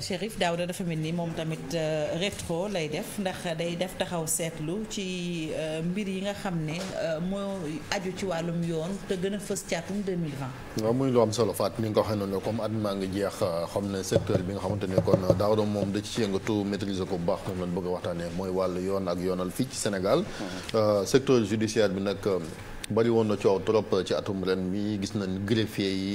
Chérif Daouda dafa mel nii moom tamit euh, rétro lay def ndax euh, day def taxaw seetlu ci euh, mbir yi nga xam ne moo aju ci wàllum yoon te gën a fës ci atum 2020. waaw muy lu am solo Fatou ni nga ko waxee noonu comme at maa ngi jeex xam ne secteur bi nga xamante ne kon Daouda moom da ci yëngatu maîtriser ko bu baax moom lañ bëgg a waxtaanee mooy wàllu yoon ak yoonal fii ci Sénégal. Mm-hmm. secteur judiciaire bi nag. bari woon na coow trop ci atum ren mi gis nañ greffier yi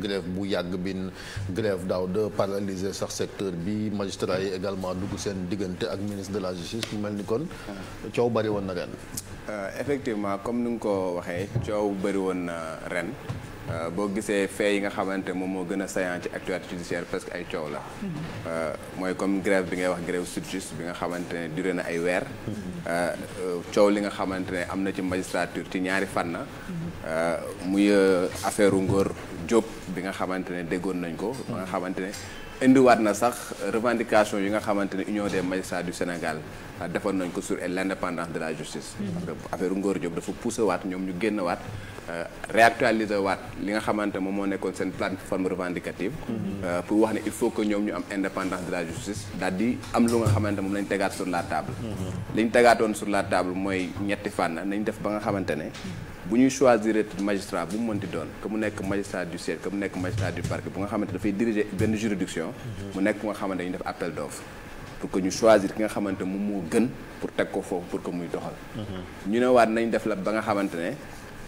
grève bu yàgg bin grève daaw de paralyser sax secteur bi magistrat yi également dugg seen diggante ak ministre de la justice mu mel ni kon coow bari woon na ren euh, effectivement comme ni nga ko waxee coow bari woon na ren Euh, boo gisee fee yi nga xamante moom moo gën a saillant ci actualité judiciaire presque ay coow la. Euh, mooy comme grève bi ngay wax grève SYTJUST bi nga xamante ne duré na ay weer. Euh, coow li nga xamante ne am na ci magistrature ci ñaari fan fànn. muy affaire Ngor Diop bi nga xamante ne déggoon nañ ko. ba nga xamante ne. indiwaat na sax revendication yi nga xamante ne union des magistrats du Sénégal euh, defoon nañ ko sur l'indépendance de la justice. Mm. parce que affaire Ngor Diop dafa poussé waat ñoom ñu génn waat euh, réactualiser waat li nga xamante moom moo nekkoon seen plateforme revendicative. Mm-hmm. Euh, pour wax ne il faut que ñoom ñu am indépendance de la justice daal di am moom lañ tegaat sur la table. Mm-hmm. li tegaatoon sur la table mooy ñetti fànn nañu def ba nga xamante ne. Mm-hmm. bu ñuy choisir magistrat bu mu mënti doon que mu nekk magistrat du siège que mu nekk magistrat du parquet bu nga xamante dafay diriger benn juridiction mu nekk nga xamante ñu def appel d'offre pour que ñu choisir ki nga xamante moom moo gën pour teg ko foofu muy doxal mhm. ñu ne waat nañ def la ba nga xamante ne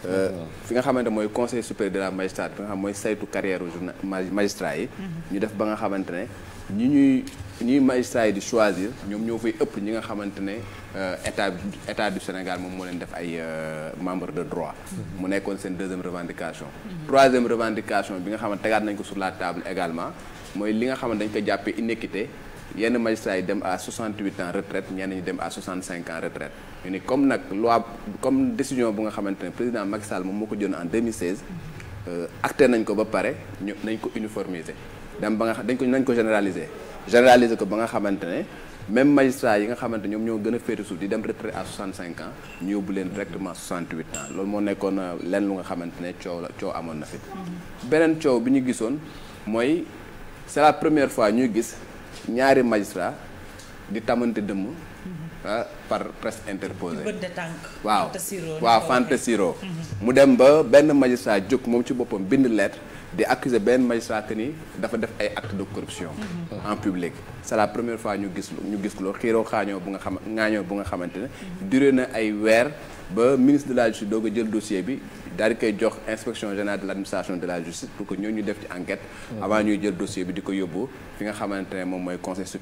euh, fi nga xamante mooy conseil supérieur de la magistrature bi nga xam mooy saytu carrière magistrat yi mhm. ñu def ba nga xamante ne ñi ñuy ñuy magistrat yi di choisir ñoom ñoo fay ëpp ñi nga xamante ne euh, état état du Sénégal moom moo leen def ay euh, membre de droit mm-hmm. mu nekkoon seen deuxième revendication troisième revendication bi nga xamante tegaat nañ ko sur la table également mooy li nga xamante dañ ko jàppee inéquité yenn magistrats yi dem à 68 ans retraite ñenn ñi dem à 65 ans retraite ñu ni comme nag loi comme décision bu nga xamante ne président Macky Sall moom moo ko jëloon en 2016 mm-hmm. euh, acté nañ ko ba pare nañ ko uniformiser dem ba nga xam dañ ko nañ ko généraliser généraliser ko ba nga xamante ne même magistrat yi nga xamante ñoom ñoo gën a féete suuf di dem retraite à 65 ans ñu yóbbu leen directement 68 ans loolu moo nekkoon euh, leen lu nga xamante ne coow la coow amoon na fi mm-hmm. beneen coow bi ñu gisoon mooy c'est la première fois ñuy gis ñaari magistrat di tamante dëmm mm-hmm. ah, par presse interposée waaw waaw Fanta Siro mm-hmm. mu dem ba benn magistrat jóg moom ci boppam bind lettre di accuser benn magistrat que ni dafa def ay actes de corruption mhm. en public c'est la première fois ñu gis ñu gis loolu xiiro xaañoo bu nga xam ŋaañoo bu nga xamante ne duré na ay weer ba ministre de la justice doog a jël dossier bi daal di koy jox inspection générale de l' administration de la justice pour que ñoo ñu def ci enquête mm-hmm. avant ñuy jël dossier bi di ko yóbbu fi nga xamante ne moom mooy conseil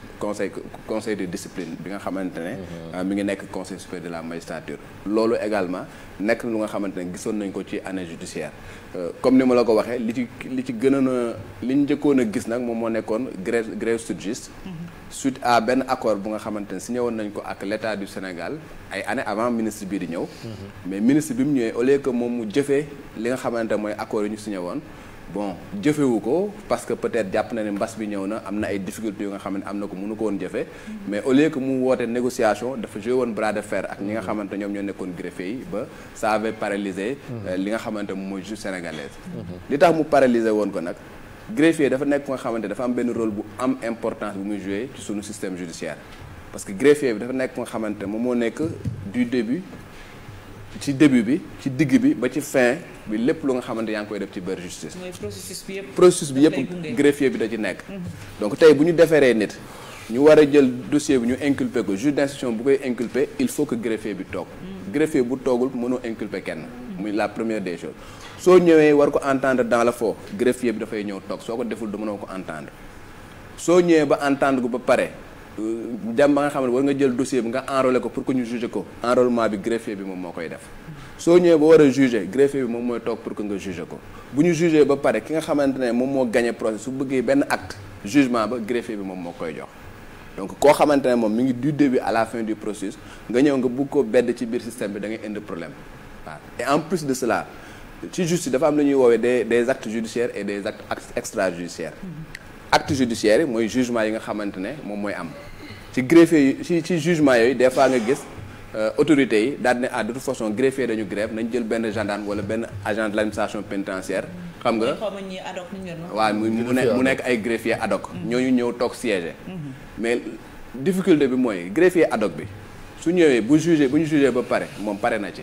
conseil de discipline bi nga xamante ne mm-hmm. euh, ngi nekk conseil supérieur de la magistrature loolu également nekk na lu nga xamante gisoon nañ ko ci année judiciaire euh, comme ni ma la ko waxee li ci li ci gënoon a li njëkkoon a gis nag moom moo nekkoon grève grève SYTJUST mm-hmm. suite à benn accord bu nga xamante ne signé woon nañ ko l' état du Sénégal ay années avant ministre di ñëw mais jëfee li nga xamante mooy accords yi ñu signé woon bon jëfewu ko parce que peut-être jàpp na ne mbas bi ñëw na am na ay difficultés yu nga xam ne am na ko mënu ko woon jëfe mm-hmm. mais au lieu que mu woote négociation dafa joué woon bras de fer ak ñi nga xamante ñoom ñoo nekkoon greffier yi ba ça avait mm-hmm. euh, li nga xamante moom mooy justice sénégalaise mm-hmm. li tax mu paralysé woon ko nag greffier dafa nekk nga xamante dafa am benn role bu am importance bu muy joué ci sunu système judiciaire parce que greffier bi nekk nga xamante moom moo nekk ci début bi ci digg bi ba ci fin bi lépp lu nga xamante yaa ngi koy def ci biir justice. mooy processus bi yëpp. processus bi yëpp greffier bi da ci nekk. Mhm. donc tey bu ñu deferee nit. ñu war a jël dossier bi ñu inculpé ko juge d'instruction bu koy inculpé il faut que greffier bi toog. Mhm. greffier bu toogul mënoo inculpé kenn. Mhm. muy la première des choses. soo ñëwee war ko entendre dans le faux greffier bi dafay ñëw toog soo ko deful du mënoo ko entendre soo ñëwee ba entend ko ba pare. Euh, dem ba nga xam ne war nga jël dossier bi nga enrôlé ko pour que ñu juger ko enrôlement bi greffier bi moom moo koy def soo ñëwee ba war a juger greffier bi moom mooy toog pour que nga juger ko bu ñu juger ba pare ki nga xamante ne moom moo gagné procès su bëggee benn acte jugement ba greffier bi moom moo koy jox donc koo xamante ne moom mi ngi du début à la fin du process nga ñëw nga bugg ko bedd ci biir système bi da ngay indi problème et en plus de cela ci justice dafa am lu ñuy woowee des des actes judiciaires et des actes extrajudiciaires acte judiciaire yi mooy jugement yi nga xamante ne moom mooy am ci greffier yi ci ci jugement yooyu des fois nga gis euh, autorités yi daane ne ah, de toute façon greffier dañu grève nañ jël benn gendarme wala benn agent de l'administration pénitentiaire xam nga waaw mu nekk mu nekk ay greffier ad hoc mm-hmm. ñooñu ñëw toog siéger mm-hmm. mais difficulté bi mooy greffier ad bi su ñëwee bu jugé bu ñu jugé ba pare moom pare na ci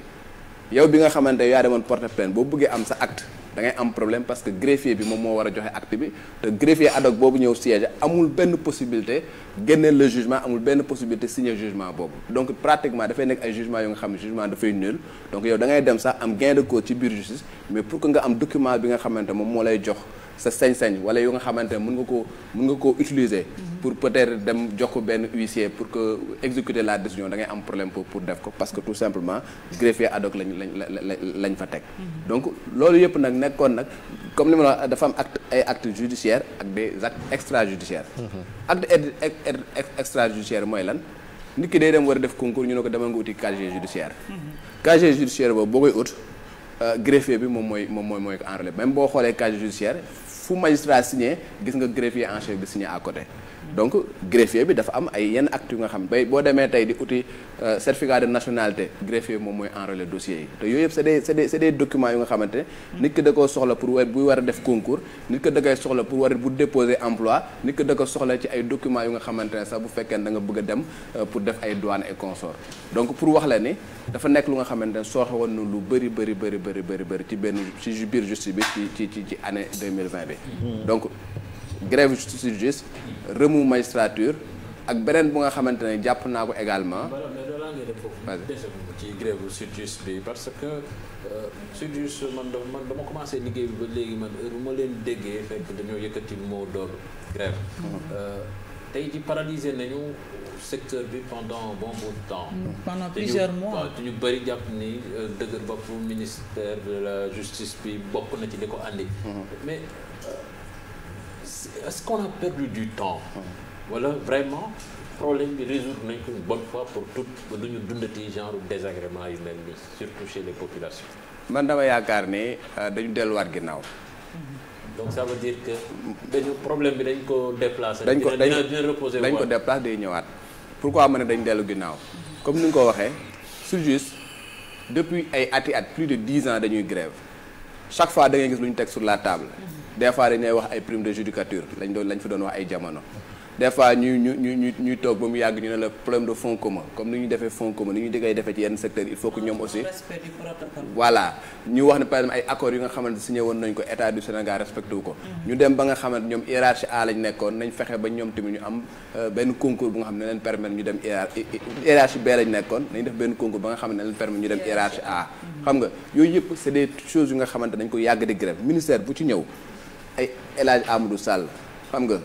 yow bi nga xamante yaa demoon porte plainte boo bëggee am sa acte da am problème parce que greffier bi moom moo war a joxe acte bi te greffier ad boobu ñëw siège amul benn possibilité génneel le jugement amul benn possibilité signer jugement boobu donc pratiquement dafay nekk ay jugement yu nga xam ne jugement dafay nul donc yow da ngay dem sax am gain de ci biir justice mais pour que nga am document bi nga xamante moom moo lay jox sa sañ-sañ wala yu nga xamante ne mën nga ko mën nga koo utiliser. pour peut-être dem jox ko benn huissier pour que exécuter la décision da ngay am problème pour pour def ko parce que tout simplement greffier ad hoc lañ fa teg. Mhm. donc loolu yëpp nag nekkoon nag comme ni ma dafa am acte ay actes judiciaires ak des actes extrajudiciaires. Mhm. acte extrajudiciaire mooy lan. nit ki dem war a def concours ñu ne ko demal nga uti casier judiciaire. Mhm. casier judiciaire boobu boo koy ut euh, greffier bi fu magistrat signé gis nga greffier en chef bi signé à côté donc greffier bi dafa am ay yenn act yu nga xam bay boo demee tey di uti euh, certificat de nationalité greffier moom mooy enrôler dossier yi te yooyu yëpp c'est des c'est des c'est des documents yu nga a def concours nit ki da koy soxla pour war bu déposer emploi nit ki da ay documents yu nga xamante ne sax bu fekkee da nga bëgg a dem euh, pour def ay douane et consort donc pour wax la ni dafa nekk lu nga xamante ne soo woon na lu bëri bëri bëri bëri bëri bëri ci benn ci biir justice bi ci ci ci mille 2020 bi mhm. donc grève sur justice remous magistrature ak beneen bu nga xamante ne jàpp naa ko également. ci grève sur justice bi parce que euh, sur justice man dama man dama commencé liggéey bi ba léegi man bu ma leen déggee fekk dañoo yëkkati moo doon grève mhm. euh, tey ji paralysé nañu secteur bi pendant bon bout de temps. Mhm. pendant plusieurs mois te ñu bëri jàpp ni euh, dëgër bopp ministère de la justice bi bokk na ci li ko andi. Mhm. mais est-ce qu'on a perdu du temps wala voilà, vraiment problème bi résoudre nañ ko une fois pour tout ba du ñu dundati genre désagrément yu mel nii surtout chez les populations. man dama yaakaar ne euh, dañu delluwaat ginnaaw. donc ça veut dire dañu problème bi dañ ko déplacer. dañ ko dañ ko dañ ko déplacer day ñëwaat. pourquoi ma ne dañu dellu ginnaaw comme ni nga ko waxee SYTJUST depuis ay ati at plus de dix ans dañuy grève chaque fois da ngay gis lu ñu teg sur la table. des fois dañ lay wax ay prime de judicature lañ doon lañ fi doon wax ay jamono des fois ñuy ñu ñu ñu ñuy toog ba mu yàgg ñu ne la problème de fonds commun comme ni ñu defee fonds commun ni ñu déggee defee ci yenn secteur il faut que ñoom aussi voilà ñu wax ne par exemple ay accords yu nga xamante signé woon nañ ko état du Sénégal respecté wu ko ñu dem ba nga xamante ñoom hiérarchie A lañ nekkoon nañ fexe ba ñoom tamit ñu am euh, benn concours bu nga xam ne leen permettre ñu dem hiérarchie B lañ nekkoon nañ def benn concours ba nga xam ne leen permettre ñu dem hiérarchie A xam nga yooyu yëpp c'est des choses yu nga xamante dañ ko yàgg di grève ministère bu ci ñëw ay El Hadj Amadou Sall xam nga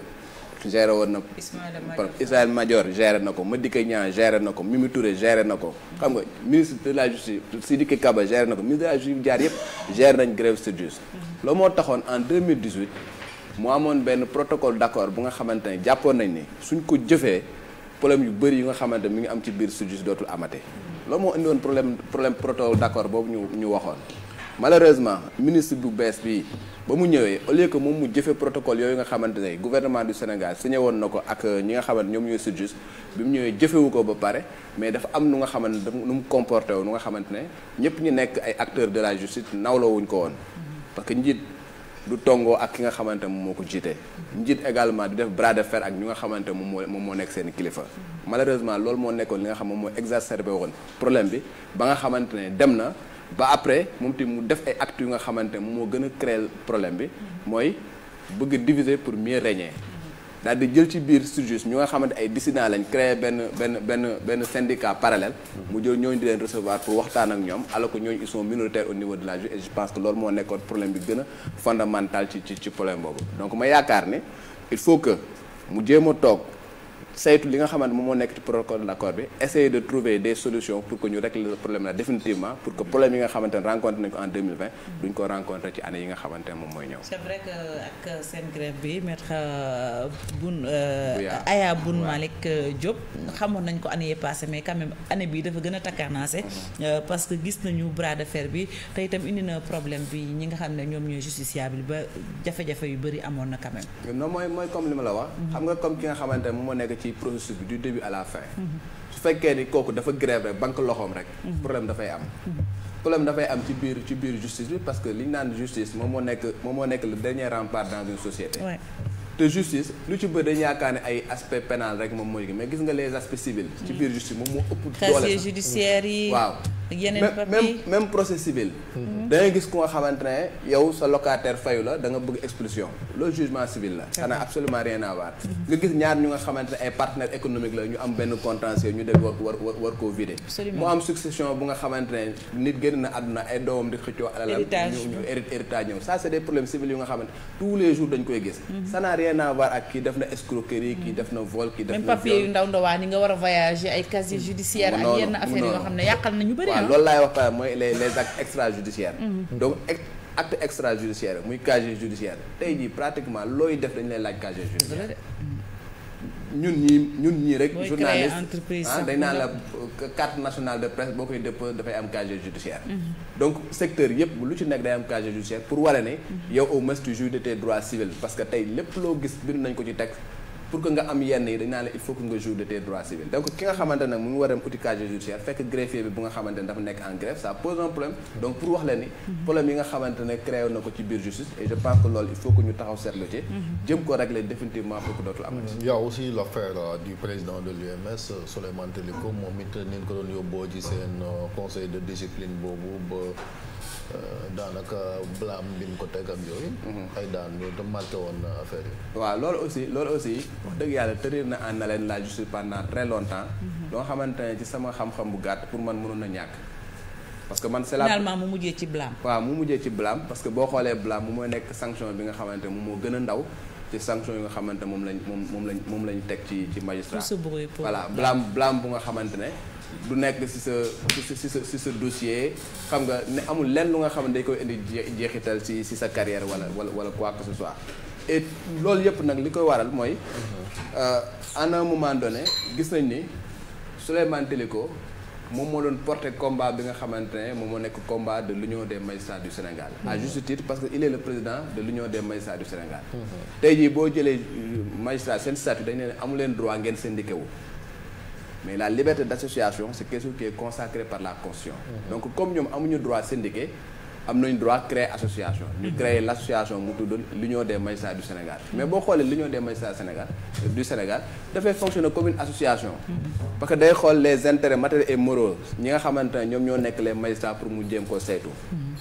géré woon na ko Ismaïla Madior géré na ko ma dikk Niang géré na ko Mimi ture géré na ko xam nga ministre de la justice Sidiki Kaba géré na ko ministre de la jaar yëpp géré nañ grève sudjus loolu moo taxoon en 2018 mu amoon benn protocole d'accord bu nga xamante ne jàppoon nañ ni suñ ko jëfee problème yu bëri yu nga xamante ne mi ngi am ci biir sudjus dootul amate loo moo indi problème problème protocole d'accord boobu ñu ñu waxoon malheureusement ministre bu bees bi ba mu ñëwee oli lieu que moom mu jëfee protocole yooyu nga xamante ne gouvernement du Sénégal signé woon na ko ak euh, ñi nga xamante ñoom ñooy bi mu ñëwee jëfewu ko ba pare mais dafa am nu nga xamante nu mu comporté wu nu nga xamante ne ñëpp ñu nekk ay acteurs de la justice wuñ ko woon parce que njiit du tongoo ak ki nga xamante moom moo ko jiite. njiit également du def bras de ak ñi nga xamante moom moo moom moo nekk seen kilifa. malheureusement loolu moo nekkoon li nga xam moom moo exacerbé woon problème bi ba nga xamante ne dem na. ba après moom tamit mu def ay actes yu nga xamante ne moo gën a créer problème bi mooy bëgg diviser pour mieux régner daal di jël ci biir surjus ñu nga xamante ay dissidents lañ créé benn benn benn benn syndicat parallèle mu jël ñooñu di leen recevoir pour waxtaan ak ñoom alors que ñooñu ils sont minoritaires au niveau de la justice et je pense que loolu moo nekkoon problème bi gën a fondamental ci ci ci problème boobu donc ma yaakaar ne il faut que mu jéem a toog saytu li nga xamante moom moo nekk ci protocole d'accord bi essayer de trouver des solutions pour que ñu régler le problème là définitivement pour que problème yi nga xamante ne nañ ko en 2020 duñ ko rencontré ci année yi nga xamante ne moom mooy ñëw. c'est vrai que ak seen grève bi maître euh, Boun euh, Aya Boun Malick euh, Diop xamoon nañ ko année yee passé mais quand même année dafa gën a takkaanaase mm-hmm. parce que gis nañu bras de fer bi te itam indi na problème bi ñi nga xam ne ñoom ñooy justiciable ba jafe-jafe yu bëri amoon na quand la wax. Mm-hmm. ci processus bi du début à la fin su fekkee ni kooku dafa grève rek banque loxoom rek problème dafay am problème dafay am ci biir ci biir justice bi parce que li ñu naan justice moom moo nekk moom moo nekk le dernier rempart dans une société te justice lu ci bëri dañu yaakaar ne ay aspect pénal rek moom mooy mais gis nga les aspects civils. ci biir justice moom moo ëpp. doole casier judiciaire yi waaw. yeneen papier même civil. Mhm. da ngay gis ku nga xamante ne yow sa locataire fayu la da nga bëgg expulsion loolu jugement civil la. xanaa absolument rien à voir. nga gis ñaar ñu nga xamante ne ay partenaires économiques la ñu am benn contentieux ñu def war war war koo vider. mu am succession bu nga xamante ne nit génn na àdduna c' est des problèmes civils yu nga xamante tous les jours dañ koy gis. Mhm. rien à voir ak kii def na escroquerie kii def na vol kii def na. même papier yu ndaw ndawaan yi nga war a voyager ay casier judiciaire ak yenn affaire yoo xam ne yàqal na ñu na. waaw loolu wax pare mooy les les actes extrajudiciaires. Mhm. donc acte extrajudiciaire muy casier judiciaire tey jii pratiquement looy def dañu lay laaj casier judiciaire. ñun ñii ñun ñii rek. journaliste ah, dañ naan la euh, carte nationale de presse boo koy dëpp dafay am casier judiciaire. Mhm. donc secteur yëpp lu ci nekk day am casier judiciaire pour wane ne. Mhm. yow au moins tu de tes droits civils parce que tey lépp loo gis bind nañ ko ci texte. pour que nga am yenn yi dañ naa la il faut que nga joue de tes droits civils donc ki nga xamante nag mu war a am outil casier judiciaire fekk greffier bi bu nga xamante ne dafa nekk en grève ça pose un problème donc pour wax la problème yi nga xamante ne créé na ko ci biir justice et je pense que loolu il faut que ñu taxaw seetlu ci jëm ko régler définitivement pour que dootul amati y a aussi l' affaire euh, président de l'UMS Souleymane Teliko moom it neen ko doon Euh, daanaka blâme bi mu ko teg ak yooyu. Mhm. ay daan yooyu te marqué woon na euh, affaire yi. waaw loolu aussi loolu aussi wax dëgg yàlla tërir na en haleine la justice pendant très longtemps. Mhm. loo xamante ne ci sama xam-xam bu gàtt pour man mënoon na ñàkk. parce que man c'est la mu mujjee ci blâme. waaw mu mujjee ci blâme parce boo xoolee blâme mu mooy nekk sanction bi nga xamante ne moo gën a ndaw. ci sanction yi nga xamante moom lañ moom moom lañ moom lañ teg ci ci magistrat. voilà blâme nga xamante ne. du nekk si sa si sa si sa dossier xam nga ni amul lenn lu nga xam ne day koy indi jeexital si si sa carrière wala wala wala quoi que soi et loolu yëpp nag li koy waral mooy à euh, un moment donné gis nañ ni Souleymane Téliko moom moo doon porte combat bi nga xamante ne moom moo nekk combat de l'union des magistrats du Sénégal à mm-hmm. juste parce que il est le président de ñoo dem magistrats du Sénégal mm-hmm. tey jii boo jëlee euh, magistrat seen statut dañ ne amu leen droit ngeen syndiqué wu mais la liberté d' association c' est quelque chose qui est consacré par la Constitution. Mm-hmm. donc comme ñoom amuñu droit syndiqué am nañ droit créer association ñu créer l' association mu tudd lu l'union dee magistrats du Sénégal mais boo xoolee l'union des magistrats Sénégal du Sénégal dafay fonctionner comme une association parce que day xool les intérêts matériels et moraux nga xamante ne ñoom ñoo nekk les magistrats pour mu jéem koo saytu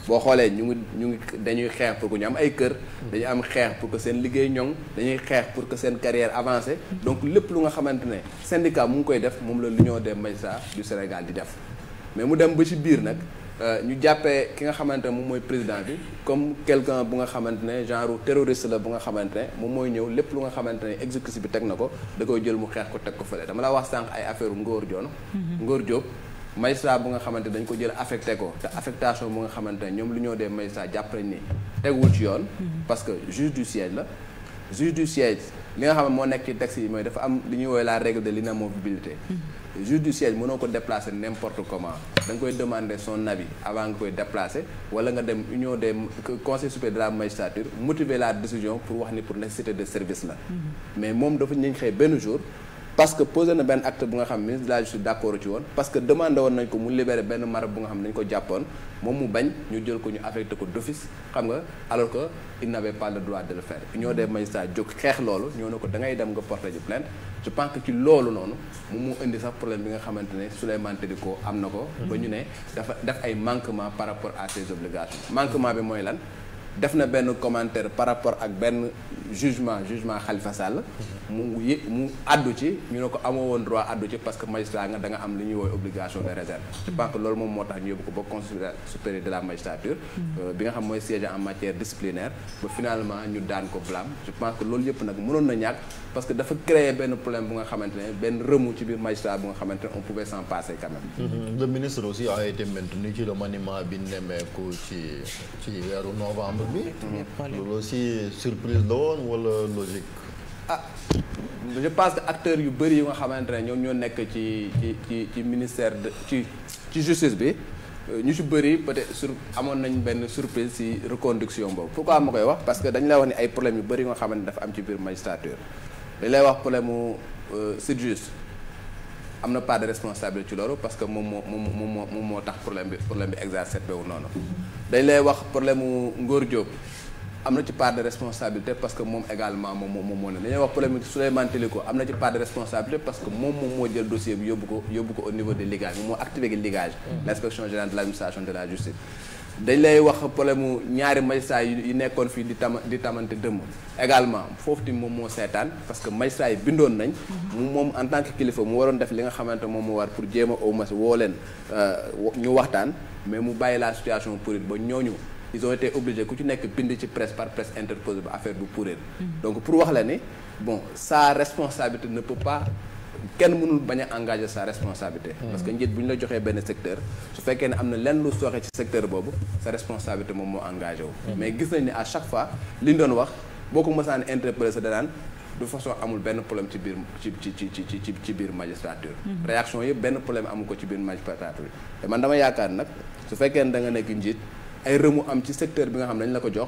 boo xoolee ñu ngi ñu ngi dañuy xeex pour que ñu am ay kër dañuy am xeex pour que seen liggéey ñoŋ dañuy xeex pour que seen carrière avancée donc lépp lu nga xamante ne syndicat mu ngi koy def moom la l'union des magistrats du Sénégal di def mais mu dem ba ci biir nag Euh, ñu jàppee ki nga xamante ne moom mooy président bi comme quelqu'un bu nga xamante ne genre terroriste la bu nga xamante ne moom mooy ñëw lépp lu nga xamante ne exécutif bi teg na ko da koy jël mu xeex ko teg ko fële dama la wax sànq ay affaire ngoor Joon mhm. Ngor Diop magistrat bu nga xamante dañ ko jël affecte ko te affectation bu nga xamante ne ñoom lu ñoo dee magistrat jàpp nañ ni teguwul ci yoon mhm. parce que juge du siège la juge du siège li nga xam ne moo nekk ci texte yi mooy dafa am li ñuy woowee la règle de l'inamovibilité juge hmm. du siège mënoo ko déplacer n'importe comment da koy demander son avis avant nga koy déplacer wala nga dem union des conseil supérieur de la magistrature motiver la décision pour wax ni pour nécessité de service la hmm. mais moom dafa ñu xëy benn jour parce que posé na benn acte bu nga xam ministre de la justice d'accord ci woon parce que demandé woon nañ ko mu libéré benn mara bu nga xam ne ko jàppoon moom mu bañ ñu jël ko ñu affecté ko d'office xam nga alors que il n'avait pas le droit de le ñoo des magistrats jóg xeex loolu ñoo ne ko da ngay dem nga porter ji plainte je pense ci loolu noonu moom mu indi sax problème bi nga xamante ne bi ko am na ko ba ñu ne dafa def ay manquement par rapport à ses obligations bi mooy lan def na benn commentaire par rapport ak benn jugement jugement Khalifa Sall. mu mu àddu ci ñu ne ko amoo droit àddu ci parce que magistrat nga da nga am li ñuy woowee obligation de réserve. je pense que loolu moom moo tax ñu yóbbu ko ba conseil supérieur de la magistrature. Mm. Euh, bi nga xam mooy siège en matière disciplinaire. ba finalement ñu daan ko blâme je pense que loolu yëpp nag mënoon na ñàkk parce que dafa créer benn problème bu nga xamante benn remous bi loolu aussi surprise la woon wala logique ah je pense que acteurs yu bëri yu nga xamante ne ñoom ñoo nekk ci ci ci ministère de ci ci justice bi euh, ñu ci bëri peut-être sur amoon nañ benn surprise ci reconduction boobu pourquoi am koy wax parce que dañ lay wax ni ay problèmes yu bëri yu nga xamante ne dafa am ci biir magistrature dañ lay wax problème mu euh, am na part de responsabilité ci loolu parce que moom moo moo moom moo tax problème bi problème bi exacerbé wu noonu. wax problème mu Ngor Diop am na ci part de responsabilité parce que moom également moom moom moo ne dañuy wax problème bi am na ci part de responsabilité parce que moom moo jël dossier bi yóbbu ko yóbbu ko au niveau de ligage moom moo activé ligage. Mm. l'inspection générale de l'administration de la justice. dañ lay wax problème mu ñaari magistrat yu nekkoon fii di tama di tamante dëmm également foofu tamit moom moo seetaan parce que magistrat yi bindoon nañ mm-hmm. mu moom en tant que kilifa mu waroon def li nga xamante moom moo war pour jéem a woo leen euh, ñu waxtaan mais mu bàyyi la situation pourrie ba ñooñu ils ont été ku ci nekk bind ci presse par presse interposée ba affaire bu pourrir mm-hmm. donc pour wax la ni bon sa responsabilité na peut kenn mënul bañ a engager sa responsabilité. parce que njiit bu ñu la joxee benn secteur su fekkee ne am na lenn lu sooxee ci secteur boobu sa responsabilité moom moo engagé mm-hmm. mais gis nañ ne à chaque fois li ñu doon wax boo ko mësaan interpellé sa danaan de façon amul benn problème ci biir magistrature. Mm-hmm. réaction yëpp benn problème amul ko ci biir magistrature te man dama yaakaar nag su fekkee ne da nekk njiit ay rëmu am ci secteur bi nga xam la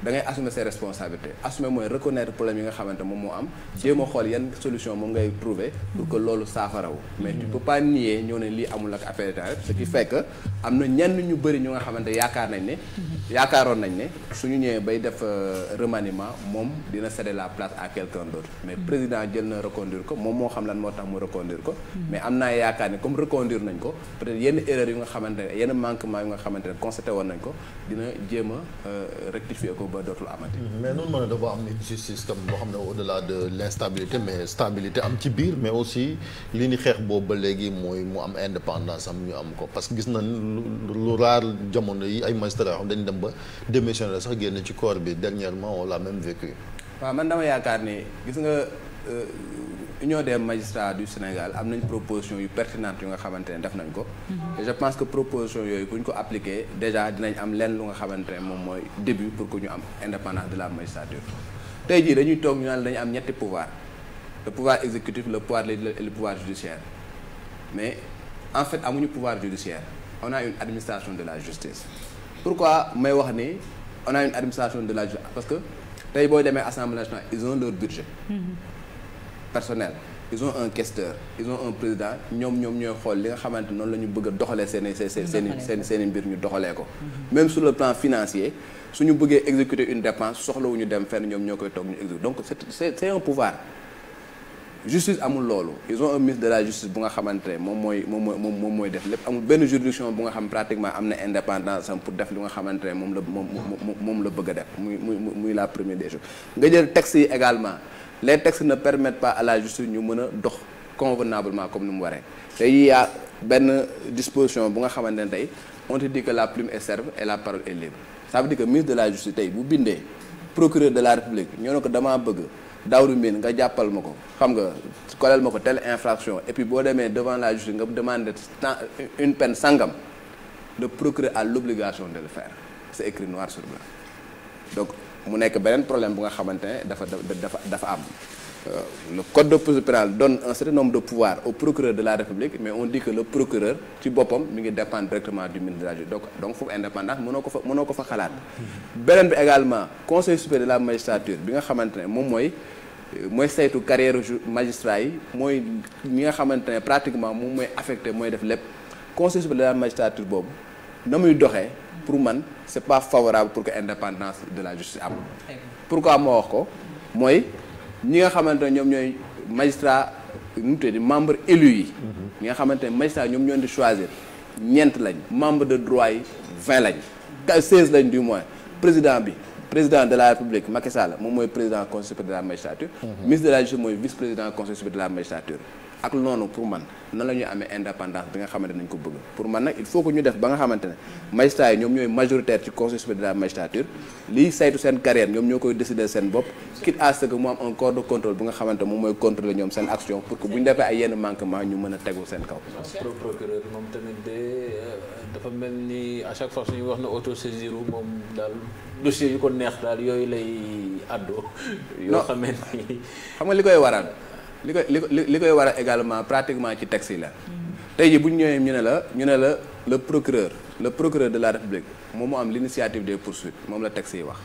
da ngay assumer ses responsabilités assumer mooy reconnaître problème yi nga xamante moom moo am jéem a xool yan solution moom ngay trouver pour que loolu saafarawu mais tu peux pas nier ñëw ne lii amul ak affaire état ce qui fait que am na ñenn ñu bëri ñu nga xamante yaakaar nañ ne yaakaaroon nañ ne suñu ñëwee bay def euh, remaniement moom dina céder la place à quelqu'un d'autre mais président jël na reconduire ko moom moo xam lan moo tax mu reconduire ko mais am naa yaakaar ne comme reconduire nañ ko peut-être nga xamante ne yenn manquement yu nga ne constaté woon ko dina jéem a euh, rectifier ko ba dootul amati. Mm-hmm. mais noonu mën dafa am ni système boo xam ne au delà de l' mais stabilité am ci biir mais aussi li ni xeex boobu ba léegi mooy mu am indépendance am ñu am ko parce que gis nañ lu raar jamono yi ay magistrats yoo xam dañu dem ba démissionné sax génn ci corps bi dernièrement on l'a même vécu. waaw man dama yaakaar ni gis nga. Euh, union des magistrats du Sénégal am nañ proposition yu pertinente yu nga xamante ne def nañ ko mhm. je pense que proposition yooyu bu ñu ko appliqué déjà dinañ am leen lu nga xamante ne moom mooy début pour que ñu am indépendance de la magistrature tey jii dañuy toog ñu naan dañu am ñetti pouvoir le pouvoir exécutif le pouvoir législatif et le pouvoir judiciaire mais en fait amuñu pouvoir judiciaire on a une administration de la justice pourquoi may wax ni on a une administration de la justice parce que tey booy demee assemblée nationale ils ont leur budget mhm. personnel ils ont un questeur ils ont un président ñoom ñoom ñooy xool li nga xamante noonu la ñu bëgg doxalee seen i seen seen seen mbir ñu doxalee ko. même sur le plan financier su ñu bëggee exécuter une dépense soxlawuñu dem fenn ñoom ñoo koy toog ñu exécuter donc c' est c' un pouvoir. justice amul loolu ils ont un ministre de la justice bu nga xamante ne moom mooy moom mooy mooy def lépp amul benn juridiction bu nga xam pratiquement am na indépendance pour def li nga xamante ne moom la moom moom la bëgg a def muy muy muy la première des nga jël texte yi également. les textes ne permettent pas à la justice ñu mën a dox convenablement comme ni mu waree tey y a benn disposition bu nga xamante ne tey on te dit la plume est serve et la parole est libre ça veut dire que ministre de la justice tey bu bindee procureur de la république ñoo ne ko damaa bëgg dawru mbin nga jàppal ma ko xam nga koleel ma ko telle infraction et puis boo demee devant la justice nga demander une peine sangam le procureur à l'obligation de le faire c'est écrit noir sur mu nekk beneen problème bu nga xamante ne dafa dafa dafa am euh, le code de procédure pénale donne un certain nombre de pouvoirs au procureur de la République mais on dit que le procureur ci boppam mi ngi dépendre directement du ministre de la Justice donc donc foofu indépendance mënoo ko fa mënoo ko fa xalaat beneen bi également conseil supérieur de la magistrature bi nga xamante ne moom mooy euh, mooy saytu carrière magistrat yi mooy ñi nga xamante ne pratiquement moom mooy affecté mooy def lépp conseil supérieur de la boobu na muy doxee pour man c'est pas favorable pour que indépendance de la justice am pourquoi moo wax ko mooy ñi nga xamante ne ñoom ñooy magistrat ñu tuddee membre élu yi ñi nga xamante ne magistrat ñoom ñoo di choisir ñeent lañ membre de droit yi vingt lañ seize lañ du moins président bi président de la république Macky Sall moom mooy président conseil supérieur de la magistrature mhm. ministre de la justice mooy vice président conseil supérieur de la magistrature ak noonu pour man nan la ñuy amee indépendance bi nga xamante nañ ko bëgg pour man nag il faut que ñu def ba nga xamante ne magistrat yi ñoom ñooy majoritaire ci conseil supérieur de la magistrature liy saytu seen carrière ñoom ñoo koy décider seen bopp quitte à ce que mu am un corps de contrôle bu nga xamante moom mooy contrôler ñoom seen action pour que bu ñu defee ay yenn manquement ñu mën a tegu seen kaw procureur moom tamit de euh, dafa mel ni à chaque fois suñu wax na autosaisir moom daal dossier yu ko neex daal yooyu lay àddoo yoo xamante ni xam nga li koy waral li koy li koy li koy waral également pratiquement ci texte yi la. tey jii bu ñu ne la ñu ne la le procureur le procureur de la république moom moo am l' initiative des moom la texte yi wax.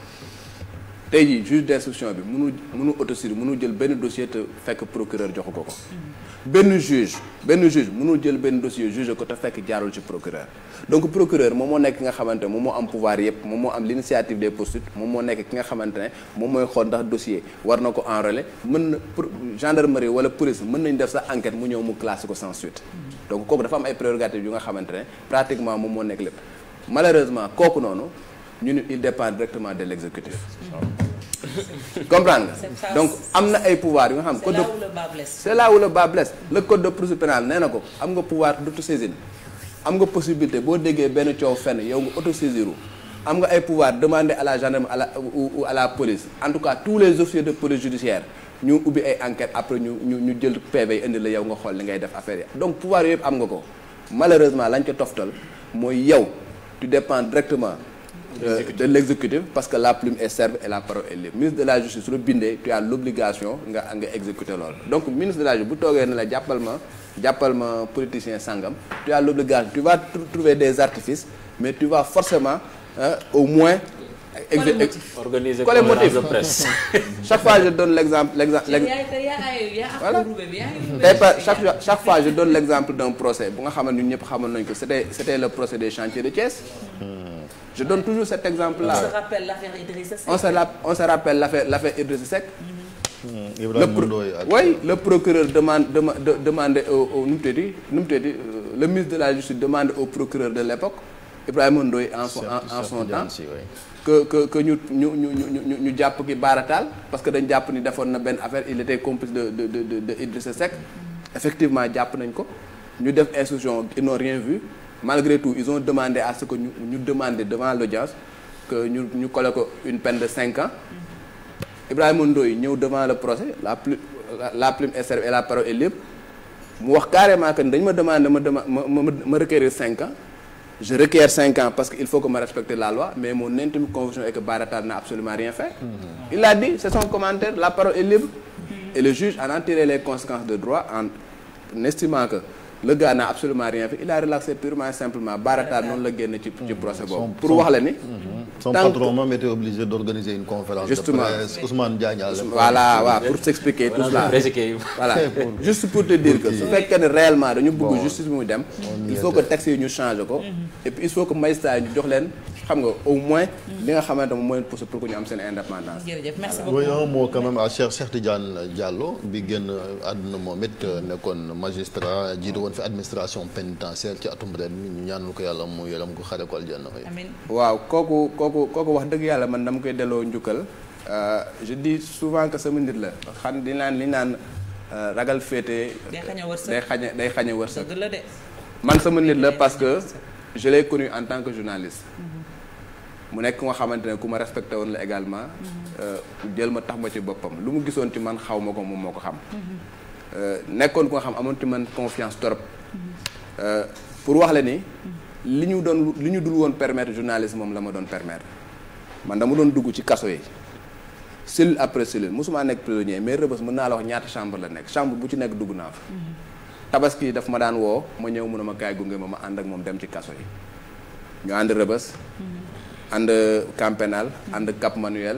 tey jii juge d'instruction bi mënu mënu autosaisir mënu jël benn dossier te fekk procureur joxu ko ko. benn juge benn juge mënu jël benn dossier juge ko te fekk jaarul ci procureur donc procureur moom moo nekk ki nga xamante ne moom moo am pouvoir yëpp moom moo am l'initiative des poursuites moom moo nekk ki nga xamante ne moom mooy xool ndax dossier war na ko enrôler mën na gendarmerie wala police mën nañ def sa enquête mu ñëw mu classé ko sans suite. kooku dafa am ay prérogatives yu nga xamante ne pratiquement moom moo nekk lépp malheureusement kooku noonu ñu ne il dépend directement de l'exécutif. comprendre nga donc am na ay pouvoir yu nga xam code c'est là où le bas blesse le code de procédure pénale nee na ko am nga pouvoir d'autosaisine am nga possibilité boo déggee benn coow fenn yow nga autosaisiru am nga ay pouvoir demander à la gendarme à la à la police en tout cas tous les officiers de police judiciaire ñu ubbi ay enquête après ñu ñu ñu jël PV indi la yow nga xool li ngay def affaire yi donc pouvoir yooyu yëpp am nga ko malheureusement lañ ko toftal mooy yow tu directement euh, de l'exécutif parce que la plume est serve e la parole est libre ministre de la justice su la bindee tu as l'obligation nga nga exécuter loolu donc ministre de la justice bu toogee ne la jàppal ma jàppal ma politicien sangam tu as l'obligation tu vas trouver des artifices mais tu vas forcément au moins organiser collectif de presse. chaque fois je donne l'exemple l'exemple voilà tey par chaque chaque fois je donne l'exemple d'un procès bu nga xam ne ñun ñëpp xamoon nañ ko c'était c'était le procès des chantiers de Thiès. je donne toujours cet exemple la on se rappelle l'affaire Idrissa Seck. on se ra l'affaire l'affaire Idrissa Seck. Hmm, procureur demande dema demande au au nu mu tuddati euh, le ministre de la justice demande au procureur de l'époque Ibrahima Ndoye en son en son temps. que que que ñu ñu ñu ñu ñu jàpp ki baarataal parce que dañ jàpp ni defoon na benn affaire il était complice de de de de Idrissa effectivement jàpp nañ ko ñu def instruction ils n'ont rien vu malgré tout ils ont demandé à ce que ñu ñu demandé devant l'audience que ñu ñu collé ko une peine de cinq ans Ibrahima Ndoye ñëw devant le procès la plume la plume et la parole est mu wax carrément que dañ ma demandé ma dema ma ma ma requérir cinq ans. je requiers 5 ans parce que il faut que ma respecte la loi mais mon intime conviction est que Bara n'a absolument rien fait mm-hmm. il l'a dit c'est son commentaire la parole est libre et le juge en a les conséquences de droit en estimant que le gars n'a absolument rien fait il a relaxé purement et simplement Bara Tall noonu la génn ci mm-hmm. procès boobu pour wax la ni mm-hmm. Son patron même était obligé d'organiser une conférence Justement. de presse. Ousmane Diagne voilà waaw pour tout cela juste pour te dire que su fekkee ne réellement dañu bëgg justice bi muy dem il faut que taxes yi ñu changer ko mhm. et il faut que magistrat yi jox leen xam nga au moins. li nga xamante moom mooy pousse pour que ñu am seen indépendance. jërëjëf merci ah, beaucoup oui un mot quand même à Cheikh bi génn àdduna moom it euh, nekkoon magistrat jiite woon fi administration pénitentiaire ci atum ren ñu ñaanal ko yàlla mu yërëm ko xare ko aljanna. amiin waaw kooku kooku wax dëgg yàlla man dama koy delloo njukkal. Euh, je di souvent que sama nit la. xam di naan li naan euh, ragal féete. day xañ a wërsëg day xañ a day xañ a wërsëg. dëgg man sama nit la parce que je l'ai en tant que journaliste. Mm-hmm. mu nekk nga xamante ne ku ma respecté woon la également euh, jël ma tax ma ci boppam lu mu gisoon ci man xaw ma ko moom moo ko xam euh, nekkoon ku nga xam amoon ci man confiance trop euh, pour wax la ni li ñu doon li ñu dul woon permettre journaliste moom la ma doon permettre man dama doon dugg ci kaso yi cellule après cellule mosuma nekk prisonnier mais rëbës mën naa la wax ñaata chambre la nekk chambre bu ci nekk dugg naa fa tabaski daf ma daan woo ma ñëw mun a ma kaay gunge ma ma ànd ak dem ci kaso yi ñu ànd ànd campénal pénal ànd cap manuel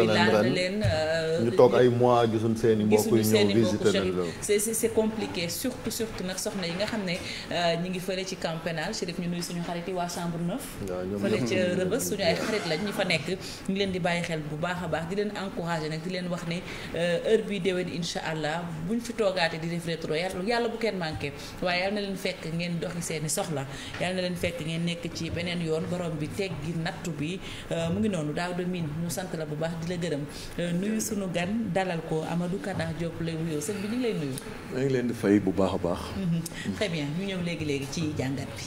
daan leen toog ay mois gisuñu seen i mbokk yi ñëw visité leen c'est c'est yi nga xam ne euh, ñi ngi fële ci camp ñu nuyu suñu xarit yi waa chambre neuf fële ay xarit lañ ñu fa nekk ñu leen di bàyyi xel bu baax a baax di leen encouragé nag di leen wax ne euh, heure bi déwén incha allah buñ fi toogaatee di def rétro yàlla bu kenn manqué waaye yàlla na leen fekk ngeen doxi seeni soxla yàlla leen fekk ngeen nekk ci beneen yoon borom bi teggi nattu bi euh, mu ngi noonu daaw de miin ñu sant la bu baax la gërëm euh, nuyu sunu gan dalal ko Amadou Kadax Diop lay wuyoo sëñ bi ñu ngi lay nuyu. maa ngi leen di bu baax a baax. Mhm. très bien ñu ñëw léegi léegi ci jàngat bi.